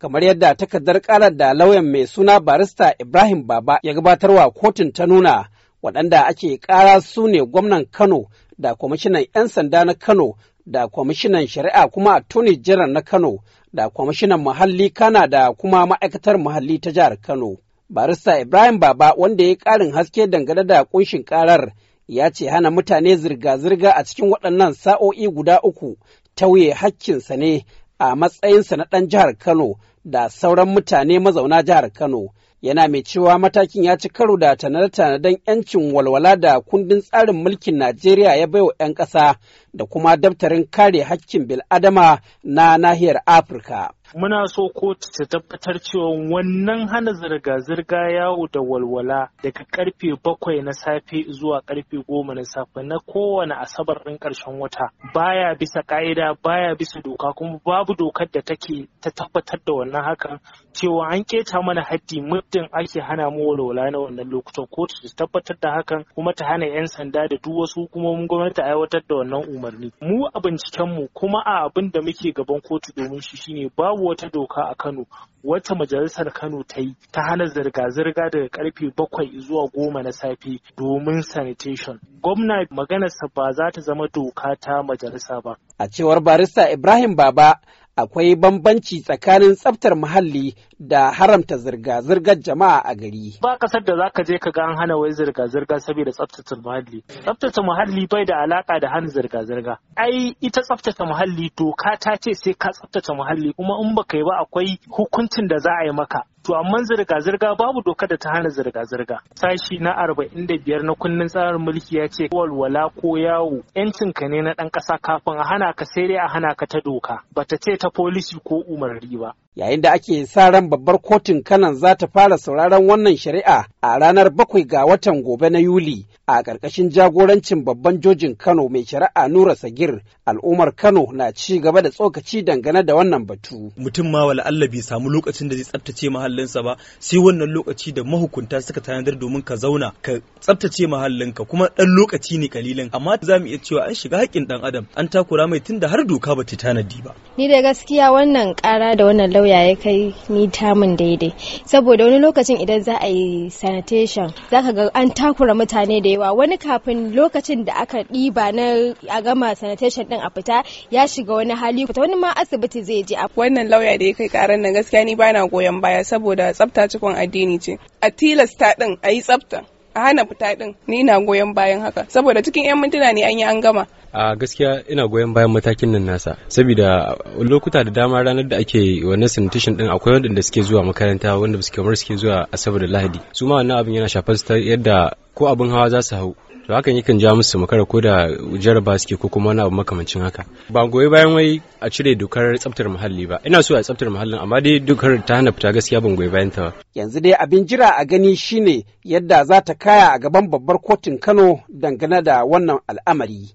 kamar yadda takardar karar da lauyan mai suna barista Ibrahim Baba ya gabatarwa kotun ta nuna waɗanda ake ƙara su ne gwamnan Kano da kwamishinan 'yan sanda na Kano da kwamishinan shari'a kuma attorney general na Kano da kwamishinan muhalli Kana da kuma ma'aikatar muhalli ta jihar Kano. Barista Ibrahim Baba wanda ya ƙarin haske dangane da ƙunshin karar ya ce hana mutane zirga-zirga a cikin waɗannan sa'o'i guda uku tauye hakkinsa ne a matsayinsa na ɗan jihar Kano da sauran mutane mazauna jihar Kano. Yana mai cewa matakin ya ci karo da tanade-tanaden 'yancin walwala da kundin tsarin mulkin Najeriya ya baiwa 'yan ƙasa da kuma daftarin kare hakkin bil'adama na nahiyar Afirka. muna so kotu ta tabbatar cewa wannan hana zirga-zirga yawo da walwala daga karfe bakwai na safe zuwa karfe goma na safe na kowane asabar ɗin ƙarshen wata baya bisa ƙa'ida baya bisa doka kuma babu dokar da take ta tabbatar da wannan hakan cewa an keta mana haddi muddin ake hana mu walwala na wannan lokutan kotu ta tabbatar da hakan kuma ta hana 'yan sanda da duk wasu hukumomin gwamnati aiwatar da wannan umarni mu a binciken mu, kuma a abin da muke gaban kotu domin shi shine babu babu wata doka a Kano wata majalisar Kano ta yi ta hana zirga-zirga daga karfe bakwai zuwa goma na safe domin sanitation. Gwamna maganarsa ba za ta zama doka ta majalisa ba. A cewar barista Ibrahim Baba akwai bambanci tsakanin tsaftar muhalli da haramta zirga-zirgar jama'a a gari. Ba kasar da za ka je ka ga an hana wai zirga-zirga saboda tsaftace muhalli. Tsaftace muhalli bai da alaka da hana zirga-zirga. Ai ita tsaftace muhalli doka ta ce sai ka tsaftace muhalli kuma in baka yi ba akwai hukuncin da za a yi maka. to amma zirga-zirga babu doka da ta hana zirga-zirga sashi na arba'in da biyar na kundin tsarin mulki ya ce walwala ko yawo yancin ka ne na ɗan ƙasa kafin a hana ka sai dai a hana ka ta doka bata ce ta folisi ko umarni ba yayin da ake sa ran babbar kotun kanan za ta fara sauraron wannan shari'a a ranar bakwai ga watan gobe na yuli a ƙarƙashin jagorancin babban jojin Kano mai shari'a Nura Sagir al'ummar Kano na ci gaba da tsokaci dangane da wannan batu. Mutum ma wala Allah bai samu lokacin da zai tsaftace mahallinsa ba sai wannan lokaci da mahukunta suka tanadar domin ka zauna ka tsaftace mahallinka kuma ɗan lokaci ne kalilan amma za mu iya cewa an shiga haƙƙin ɗan adam an takura mai tunda har doka ba ta tanadi ba. Ni da gaskiya wannan kara da wannan lauya ya kai ni ta tamun daidai saboda wani lokacin idan za a yi sanitation za ka ga an takura mutane da yawa wa wani kafin lokacin da aka ɗiba na a gama sanitation ɗin a fita ya shiga wani hali fita wani ma asibiti zai je a wannan lauya da ya kai karan nan gaskiya ni bana goyon baya saboda tsafta cikon addini ce a tilasta ɗin ayi yi tsafta a hana fita ɗin ni na goyon bayan haka saboda cikin 'yan mintuna ne an yi an gama a gaskiya ina goyon bayan matakin nan nasa saboda lokuta da dama ranar da ake wannan sanitation din akwai wanda suke zuwa makaranta wanda suke kamar suke zuwa asabar da lahadi su ma wannan abin yana shafar su yadda ko abin hawa za su hau to hakan yakan ja musu makara ko da jaraba suke ko kuma wani abu makamancin haka ba goyi bayan wai a cire dokar tsaftar muhalli ba ina so a tsaftar muhallin amma dai dokar ta hana fita gaskiya ban goyi bayan ta ba yanzu dai abin jira a gani shine yadda za ta kaya a gaban babbar kotun Kano dangane da wannan al'amari